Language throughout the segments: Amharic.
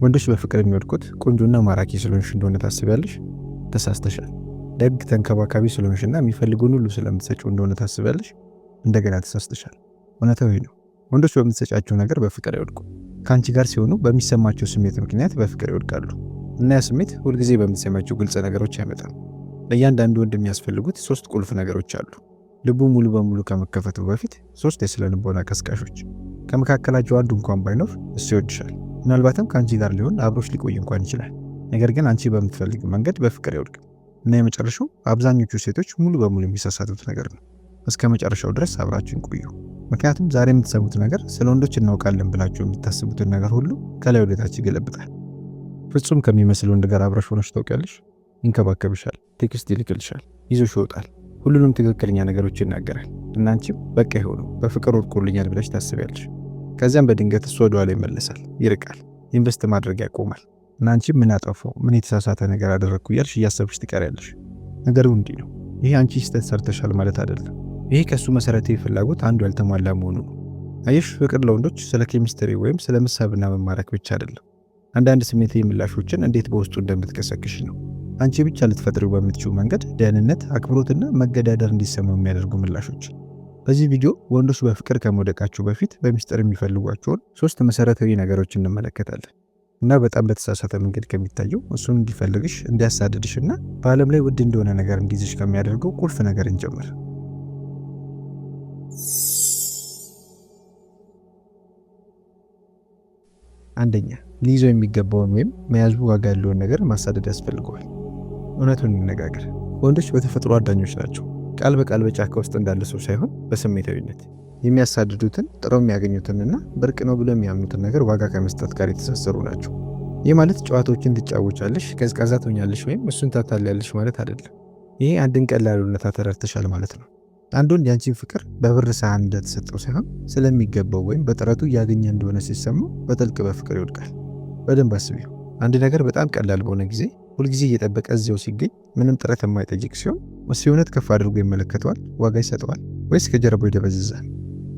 ወንዶች በፍቅር የሚወድቁት ቆንጆና ማራኪ ስለሆንሽ እንደሆነ ታስቢያለሽ። ተሳስተሻል። ደግ ተንከባካቢ ስለሆንሽና የሚፈልጉን ሁሉ ስለምትሰጪው እንደሆነ ታስቢያለሽ። እንደገና ተሳስተሻል። እውነታዊ ነው። ወንዶች በምትሰጫቸው ነገር በፍቅር ይወድቁ። ከአንቺ ጋር ሲሆኑ በሚሰማቸው ስሜት ምክንያት በፍቅር ይወድቃሉ እና ያ ስሜት ሁልጊዜ በምትሰማቸው ግልጽ ነገሮች አይመጣም። ለእያንዳንዱ ወንድ የሚያስፈልጉት ሶስት ቁልፍ ነገሮች አሉ። ልቡ ሙሉ በሙሉ ከመከፈቱ በፊት ሶስት የስነ ልቦና ቀስቃሾች። ከመካከላቸው አንዱ እንኳን ባይኖር እሱ ይወድሻል። ምናልባትም ከአንቺ ጋር ሊሆን አብሮች ሊቆይ እንኳን ይችላል። ነገር ግን አንቺ በምትፈልግ መንገድ በፍቅር ይወድቅ እና የመጨረሻው አብዛኞቹ ሴቶች ሙሉ በሙሉ የሚሳሳቱት ነገር ነው። እስከ መጨረሻው ድረስ አብራችን ቆዩ። ምክንያቱም ዛሬ የምትሰሙት ነገር ስለ ወንዶች እናውቃለን ብላችሁ የምታስቡትን ነገር ሁሉ ከላይ ወደታች ይገለብጣል። ፍጹም ከሚመስል ወንድ ጋር አብረሽ ሆነች ታውቂያለሽ። ይንከባከብሻል፣ ቴክስት ይልክልሻል፣ ይዞሽ ይወጣል፣ ሁሉንም ትክክለኛ ነገሮች ይናገራል። እናንቺም በቃ ይሆኑ በፍቅር ወድቆልኛል ብለሽ ታስቢያለሽ። ከዚያም በድንገት እሱ ወደኋላ ይመለሳል፣ ይርቃል። ኢንቨስት ማድረግ ያቆማል እና አንቺ ምን አጠፋው ምን የተሳሳተ ነገር አደረግኩ እያልሽ እያሰብሽ ትቀሪያለሽ። ነገሩ እንዲህ ነው። ይሄ አንቺ ስህተት ሰርተሻል ማለት አይደለም። ይሄ ከእሱ መሰረታዊ ፍላጎት አንዱ ያልተሟላ መሆኑ ነው። አየሽ፣ ፍቅር ለወንዶች ስለ ኬሚስትሪ ወይም ስለ መሳብና መማረክ ብቻ አይደለም። አንዳንድ ስሜታዊ ምላሾችን እንዴት በውስጡ እንደምትቀሰቅሽ ነው። አንቺ ብቻ ልትፈጥሪው በምትችው መንገድ ደህንነት፣ አክብሮትና መገዳደር እንዲሰማው የሚያደርጉ ምላሾች በዚህ ቪዲዮ ወንዶች በፍቅር ከመውደቃቸው በፊት በሚስጥር የሚፈልጓቸውን ሶስት መሰረታዊ ነገሮች እንመለከታለን እና በጣም በተሳሳተ መንገድ ከሚታየው እሱን እንዲፈልግሽ እንዲያሳድድሽ እና በዓለም ላይ ውድ እንደሆነ ነገር እንዲይዝሽ ከሚያደርገው ቁልፍ ነገር እንጀምር። አንደኛ፣ ሊይዘው የሚገባውን ወይም መያዙ ዋጋ ያለውን ነገር ማሳደድ ያስፈልገዋል። እውነቱን እንነጋገር፣ ወንዶች በተፈጥሮ አዳኞች ናቸው። ቃል በቃል በጫካ ውስጥ እንዳለ ሰው ሳይሆን በስሜታዊነት የሚያሳድዱትን ጥረው የሚያገኙትንና ብርቅ ነው ብለው የሚያምኑትን ነገር ዋጋ ከመስጠት ጋር የተሳሰሩ ናቸው። ይህ ማለት ጨዋታዎችን ትጫወቻለሽ፣ ቀዝቃዛ ትሆኛለሽ ወይም እሱን ታታልያለሽ ማለት አይደለም። ይሄ አንድን ቀላል እውነታ ተረድተሻል ማለት ነው። አንድ ወንድ ያንቺን ፍቅር በብር ሳህን እንደተሰጠው ሳይሆን ስለሚገባው ወይም በጥረቱ እያገኘ እንደሆነ ሲሰማው በጥልቅ በፍቅር ይወድቃል። በደንብ አስቢው። አንድ ነገር በጣም ቀላል በሆነ ጊዜ ሁልጊዜ እየጠበቀ እዚያው ሲገኝ ምንም ጥረት የማይጠይቅ ሲሆን እሱ ከፍ አድርጎ ይመለከተዋል፣ ዋጋ ይሰጠዋል ወይስ ከጀርባው ይደበዝዛል?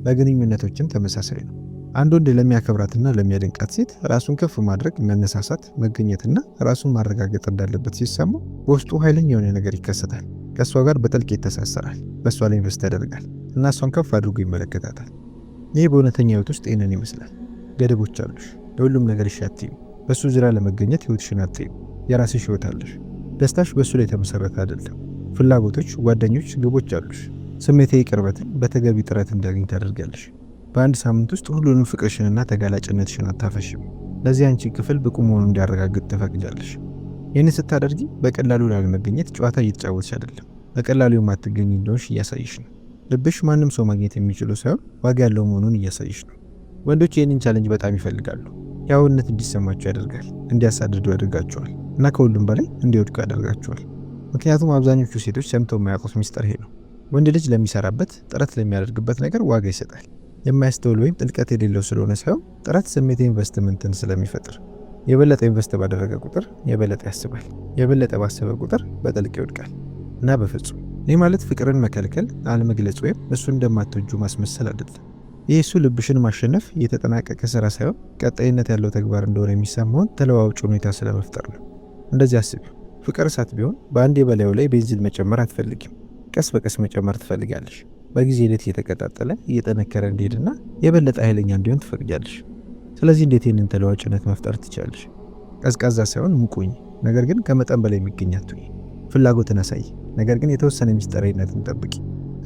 በግንኙነቶችም ተመሳሳይ ነው። አንድ ወንድ ለሚያከብራትና ለሚያደንቃት ሴት ራሱን ከፍ ማድረግ መነሳሳት፣ መገኘትና ራሱን ማረጋገጥ እንዳለበት ሲሰማው በውስጡ ኃይለኛ የሆነ ነገር ይከሰታል። ከእሷ ጋር በጥልቅ ይተሳሰራል፣ በእሷ ላይ ኢንቨስት ያደርጋል እና እሷን ከፍ አድርጎ ይመለከታታል። ይህ በእውነተኛ ህይወት ውስጥ ይህንን ይመስላል። ገደቦች አሉሽ። ለሁሉም ነገር ይሻትም በእሱ ዙሪያ ለመገኘት ህይወትሽን አትይም። የራስሽ ህይወት አለሽ። ደስታሽ በእሱ ላይ የተመሰረተ አይደለም። ፍላጎቶች፣ ጓደኞች፣ ግቦች አሉሽ። ስሜታዊ ቅርበትን በተገቢ ጥረት እንዲያገኝ ታደርጋለሽ። በአንድ ሳምንት ውስጥ ሁሉንም ፍቅርሽንና ተጋላጭነትሽን አታፈሽም። ለዚህ አንቺ ክፍል ብቁ መሆኑ እንዲያረጋግጥ ትፈቅጃለሽ። ይህን ስታደርጊ በቀላሉ ላለመገኘት ጨዋታ እየተጫወትሽ አይደለም፣ በቀላሉ የማትገኝ እንደሆንሽ እያሳይሽ ነው። ልብሽ ማንም ሰው ማግኘት የሚችለው ሳይሆን ዋጋ ያለው መሆኑን እያሳይሽ ነው። ወንዶች ይህንን ቻለንጅ በጣም ይፈልጋሉ። የአብነት እንዲሰማቸው ያደርጋል፣ እንዲያሳድዱ ያደርጋቸዋል። እና ከሁሉም በላይ እንዲወድቁ ያደርጋቸዋል። ምክንያቱም አብዛኞቹ ሴቶች ሰምተው የማያውቁት ሚስጥር ይሄ ነው። ወንድ ልጅ ለሚሰራበት ጥረት ለሚያደርግበት ነገር ዋጋ ይሰጣል። የማያስተውል ወይም ጥልቀት የሌለው ስለሆነ ሳይሆን ጥረት ስሜት ኢንቨስትመንትን ስለሚፈጥር የበለጠ ኢንቨስት ባደረገ ቁጥር የበለጠ ያስባል። የበለጠ ባሰበ ቁጥር በጥልቅ ይወድቃል እና በፍጹም ይህ ማለት ፍቅርን መከልከል፣ አለመግለጽ ወይም እሱ እንደማትወጁ ማስመሰል አይደለም። ይህ እሱ ልብሽን ማሸነፍ የተጠናቀቀ ስራ ሳይሆን ቀጣይነት ያለው ተግባር እንደሆነ የሚሰማውን ተለዋውጭ ሁኔታ ስለመፍጠር ነው። እንደዚህ አስቢው። ፍቅር እሳት ቢሆን በአንዴ በላዩ ላይ ቤንዚን መጨመር አትፈልጊም። ቀስ በቀስ መጨመር ትፈልጋለሽ። በጊዜ ሂደት እየተቀጣጠለ እየጠነከረ እንዲሄድና የበለጠ ኃይለኛ እንዲሆን ትፈልጋለሽ። ስለዚህ እንዴት ይህንን ተለዋጭነት መፍጠር ትቻለሽ? ቀዝቃዛ ሳይሆን ሙቁኝ፣ ነገር ግን ከመጠን በላይ የሚገኛት አትሁኝ። ፍላጎትን አሳይ፣ ነገር ግን የተወሰነ ሚስጥራዊነትን ጠብቂ።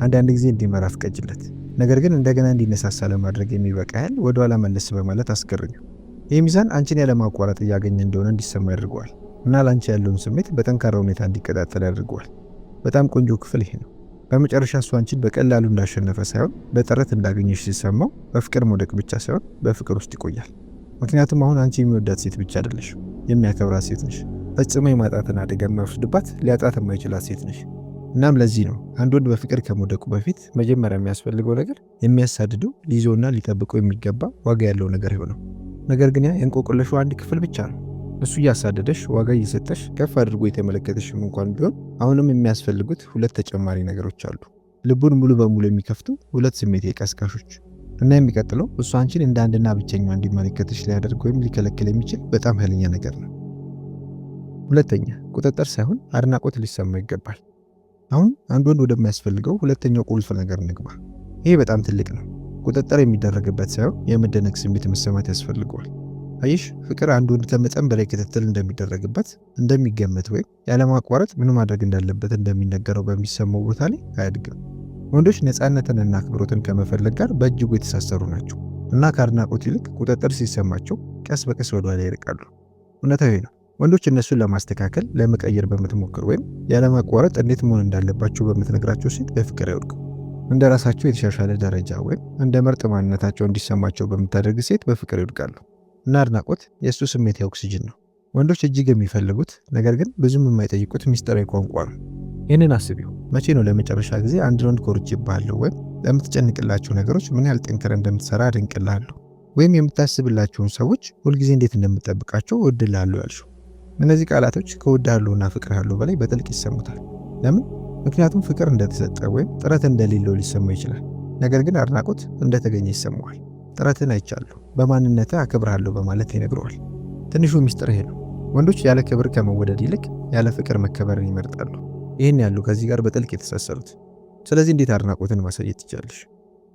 አንዳንድ ጊዜ እንዲመራ ፍቀጅለት፣ ነገር ግን እንደገና እንዲነሳሳ ለማድረግ የሚበቃ ያህል ወደኋላ መለስ በማለት አስገርኙ። ይህ ሚዛን አንቺን ያለማቋረጥ እያገኘ እንደሆነ እንዲሰማ ያደርገዋል። እና ላንቺ ያለውን ስሜት በጠንካራ ሁኔታ እንዲቀጣጠል ያደርገዋል። በጣም ቆንጆ ክፍል ይሄ ነው። በመጨረሻ እሱ አንቺን በቀላሉ እንዳሸነፈ ሳይሆን በጥረት እንዳገኘሽ ሲሰማው በፍቅር መውደቅ ብቻ ሳይሆን በፍቅር ውስጥ ይቆያል። ምክንያቱም አሁን አንቺ የሚወዳት ሴት ብቻ አይደለሽ፣ የሚያከብራት ሴት ነሽ። ፈጽሞ የማጣትን አደጋ የሚያወስድባት ሊያጣት የማይችላት ሴት ነሽ። እናም ለዚህ ነው አንድ ወንድ በፍቅር ከመውደቁ በፊት መጀመሪያ የሚያስፈልገው ነገር የሚያሳድደው ሊይዘውና ሊጠብቀው የሚገባ ዋጋ ያለው ነገር ይሆነው። ነገር ግን ያ የእንቆቅልሹ አንድ ክፍል ብቻ ነው። እሱ እያሳደደሽ ዋጋ እየሰጠሽ ከፍ አድርጎ የተመለከተሽም እንኳን ቢሆን አሁንም የሚያስፈልጉት ሁለት ተጨማሪ ነገሮች አሉ። ልቡን ሙሉ በሙሉ የሚከፍቱ ሁለት ስሜት ቀስቃሾች እና የሚቀጥለው እሱ አንቺን እንደ አንድና ብቸኛ እንዲመለከትሽ ሊያደርግ ወይም ሊከለክል የሚችል በጣም ኃይለኛ ነገር ነው። ሁለተኛ ቁጥጥር ሳይሆን አድናቆት ሊሰማ ይገባል። አሁን አንድ ወንድ ወደሚያስፈልገው ሁለተኛው ቁልፍ ነገር ንግባ። ይሄ በጣም ትልቅ ነው። ቁጥጥር የሚደረግበት ሳይሆን የመደነቅ ስሜት መሰማት ያስፈልገዋል። አይሽ ፍቅር አንዱን ከመጠን በላይ ክትትል እንደሚደረግበት እንደሚገመት ወይም ያለማቋረጥ ምን ማድረግ እንዳለበት እንደሚነገረው በሚሰማው ቦታ ላይ አያድግም። ወንዶች ነፃነትንና አክብሮትን ከመፈለግ ጋር በእጅጉ የተሳሰሩ ናቸው እና ከአድናቆት ይልቅ ቁጥጥር ሲሰማቸው ቀስ በቀስ ወደ ኋላ ይርቃሉ። እውነታዊ ነው። ወንዶች እነሱን ለማስተካከል ለመቀየር በምትሞክር ወይም ያለማቋረጥ እንዴት መሆን እንዳለባቸው በምትነግራቸው ሴት በፍቅር አይወድቁም። እንደ ራሳቸው የተሻሻለ ደረጃ ወይም እንደ ምርጥ ማንነታቸው እንዲሰማቸው በምታደርግ ሴት በፍቅር ይወድቃሉ። እና አድናቆት የእሱ ስሜት የኦክሲጅን ነው። ወንዶች እጅግ የሚፈልጉት ነገር ግን ብዙም የማይጠይቁት ሚስጥራዊ ቋንቋ ነው። ይህንን አስቢው። መቼ ነው ለመጨረሻ ጊዜ አንድ ወንድ ኮርጅብሃለሁ ወይም ለምትጨንቅላቸው ነገሮች ምን ያህል ጠንክረህ እንደምትሰራ አድንቅልሃለሁ ወይም የምታስብላቸውን ሰዎች ሁልጊዜ እንዴት እንደምጠብቃቸው እወድልሃለሁ ያልሽው? እነዚህ ቃላቶች ፍቅር ፍቅርሃለሁ በላይ በጥልቅ ይሰሙታል። ለምን? ምክንያቱም ፍቅር እንደተሰጠ ወይም ጥረት እንደሌለው ሊሰማው ይችላል። ነገር ግን አድናቆት እንደተገኘ ይሰማዋል። ጥረትን አይቻለሁ በማንነትህ አከብርሃለሁ በማለት ይነግረዋል። ትንሹ ሚስጥር ይሄ ነው። ወንዶች ያለ ክብር ከመወደድ ይልቅ ያለ ፍቅር መከበርን ይመርጣሉ። ይህን ያሉ ከዚህ ጋር በጥልቅ የተሳሰሩት። ስለዚህ እንዴት አድናቆትን ማሳየት ትችላለሽ?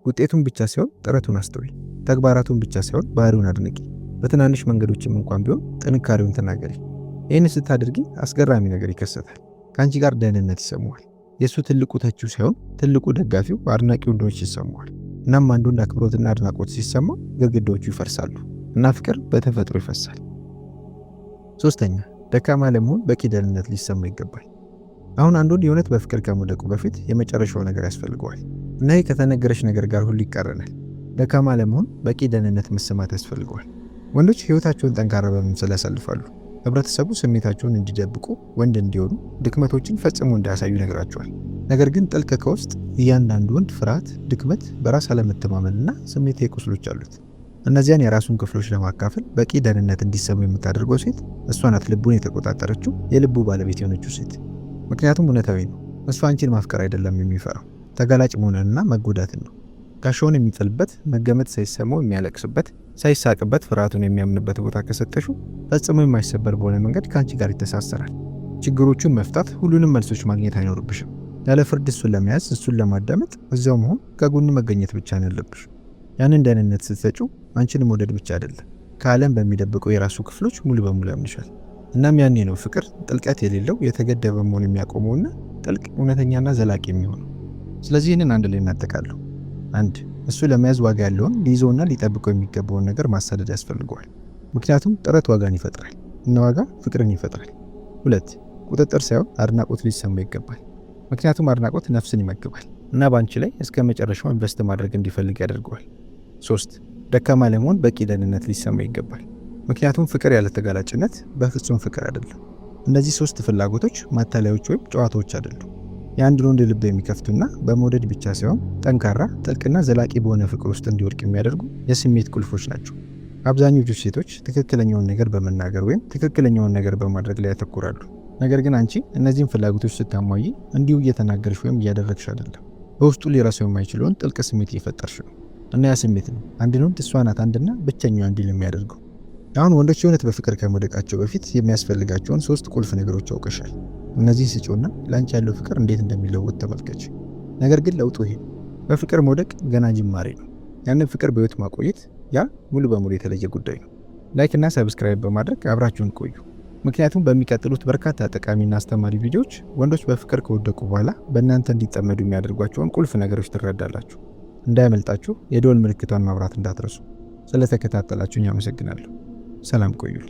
ውጤቱን ብቻ ሳይሆን ጥረቱን አስተውይ። ተግባራቱን ብቻ ሳይሆን ባህሪውን አድንቂ። በትናንሽ መንገዶችም እንኳን ቢሆን ጥንካሬውን ተናገሪ። ይህን ስታደርጊ አስገራሚ ነገር ይከሰታል። ከአንቺ ጋር ደህንነት ይሰማዋል። የእሱ ትልቁ ተቺው ሳይሆን ትልቁ ደጋፊው አድናቂው እንደሆነች ይሰማዋል። እናም አንዱን አክብሮትና አድናቆት ሲሰማ ግድግዳዎቹ ይፈርሳሉ እና ፍቅር በተፈጥሮ ይፈሳል። ሶስተኛ ደካማ ለመሆን ደህንነት ሊሰማ ይገባል። አሁን አንዱን የእውነት በፍቅር ከመውደቁ በፊት የመጨረሻው ነገር ያስፈልገዋል እና ይህ ከተነገረች ነገር ጋር ሁሉ ይቃረናል። ደካማ ለመሆን በቂ ደህንነት መሰማት ያስፈልገዋል። ወንዶች ህይወታቸውን ጠንካራ በመምሰል ያሳልፋሉ። ህብረተሰቡ ስሜታቸውን እንዲደብቁ፣ ወንድ እንዲሆኑ፣ ድክመቶችን ፈጽሞ እንዳያሳዩ ነግራቸዋል። ነገር ግን ጥልቅ ከውስጥ እያንዳንዱ ወንድ ፍርሃት፣ ድክመት፣ በራስ አለመተማመንና ስሜታዊ ቁስሎች አሉት። እነዚያን የራሱን ክፍሎች ለማካፈል በቂ ደህንነት እንዲሰሙ የምታደርገው ሴት እሷ ናት። ልቡን የተቆጣጠረችው የልቡ ባለቤት የሆነችው ሴት። ምክንያቱም እውነታዊ ነው፣ እሷ አንቺን ማፍቀር አይደለም የሚፈራው ተጋላጭ መሆንንና መጎዳትን ነው። ጋሻውን የሚጥልበት መገመት ሳይሰማው የሚያለቅስበት ሳይሳቅበት ፍርሃቱን የሚያምንበት ቦታ ከሰጠሹ ፈጽሞ የማይሰበር በሆነ መንገድ ከአንቺ ጋር ይተሳሰራል። ችግሮቹን መፍታት፣ ሁሉንም መልሶች ማግኘት አይኖርብሽም። ያለ ፍርድ እሱን ለመያዝ እሱን ለማዳመጥ እዚያው መሆን ከጎን መገኘት ብቻ ነው ያለብሽ። ያንን ደህንነት ስትሰጪው አንቺን መውደድ ብቻ አይደለም ከዓለም በሚደብቀው የራሱ ክፍሎች ሙሉ በሙሉ ያምንሻል። እናም ያኔ ነው ፍቅር ጥልቀት የሌለው የተገደበ መሆን የሚያቆመውና ጥልቅ እውነተኛና ዘላቂ የሚሆነው። ስለዚህ ይህንን አንድ ላይ እናጠቃለሁ። አንድ እሱ ለመያዝ ዋጋ ያለውን ሊይዘውና ሊጠብቀው የሚገባውን ነገር ማሳደድ ያስፈልገዋል። ምክንያቱም ጥረት ዋጋን ይፈጥራል እና ዋጋ ፍቅርን ይፈጥራል። ሁለት ቁጥጥር ሳይሆን አድናቆት ሊሰማ ይገባል። ምክንያቱም አድናቆት ነፍስን ይመግባል እና በአንቺ ላይ እስከ መጨረሻው ኢንቨስት ማድረግ እንዲፈልግ ያደርገዋል። ሶስት ደካማ ለመሆን በቂ ደህንነት ሊሰማ ይገባል። ምክንያቱም ፍቅር ያለ ተጋላጭነት በፍጹም ፍቅር አይደለም። እነዚህ ሶስት ፍላጎቶች ማታለያዎች ወይም ጨዋታዎች አይደሉም። የአንድ ወንድ ልብ የሚከፍቱና በመውደድ ብቻ ሳይሆን ጠንካራ፣ ጥልቅና ዘላቂ በሆነ ፍቅር ውስጥ እንዲወድቅ የሚያደርጉ የስሜት ቁልፎች ናቸው። አብዛኞቹ ሴቶች ትክክለኛውን ነገር በመናገር ወይም ትክክለኛውን ነገር በማድረግ ላይ ያተኩራሉ ነገር ግን አንቺ እነዚህን ፍላጎቶች ስታሟይ እንዲሁ እየተናገርሽ ወይም እያደረግሽ አይደለም። በውስጡ ሊረሳው የማይችለውን ጥልቅ ስሜት እየፈጠርሽ ነው። እና ያ ስሜት ነው አንድን ወንድ እሷ ናት አንድና ብቸኛዋ እንዲል የሚያደርገው። አሁን ወንዶች የእውነት በፍቅር ከመውደቃቸው በፊት የሚያስፈልጋቸውን ሶስት ቁልፍ ነገሮች አውቀሻል። እነዚህን ስጪውና ለአንቺ ያለው ፍቅር እንዴት እንደሚለወጥ ተመልከች። ነገር ግን ለውጡ ይሄ በፍቅር መውደቅ ገና ጅማሬ ነው። ያንን ፍቅር በህይወት ማቆየት ያ ሙሉ በሙሉ የተለየ ጉዳይ ነው። ላይክ እና ሰብስክራይብ በማድረግ አብራችሁን ቆዩ። ምክንያቱም በሚቀጥሉት በርካታ ጠቃሚና አስተማሪ ቪዲዮዎች ወንዶች በፍቅር ከወደቁ በኋላ በእናንተ እንዲጠመዱ የሚያደርጓቸውን ቁልፍ ነገሮች ትረዳላችሁ። እንዳያመልጣችሁ የደወል ምልክቷን ማብራት እንዳትረሱ። ስለተከታተላችሁኝ አመሰግናለሁ። ሰላም ቆዩል።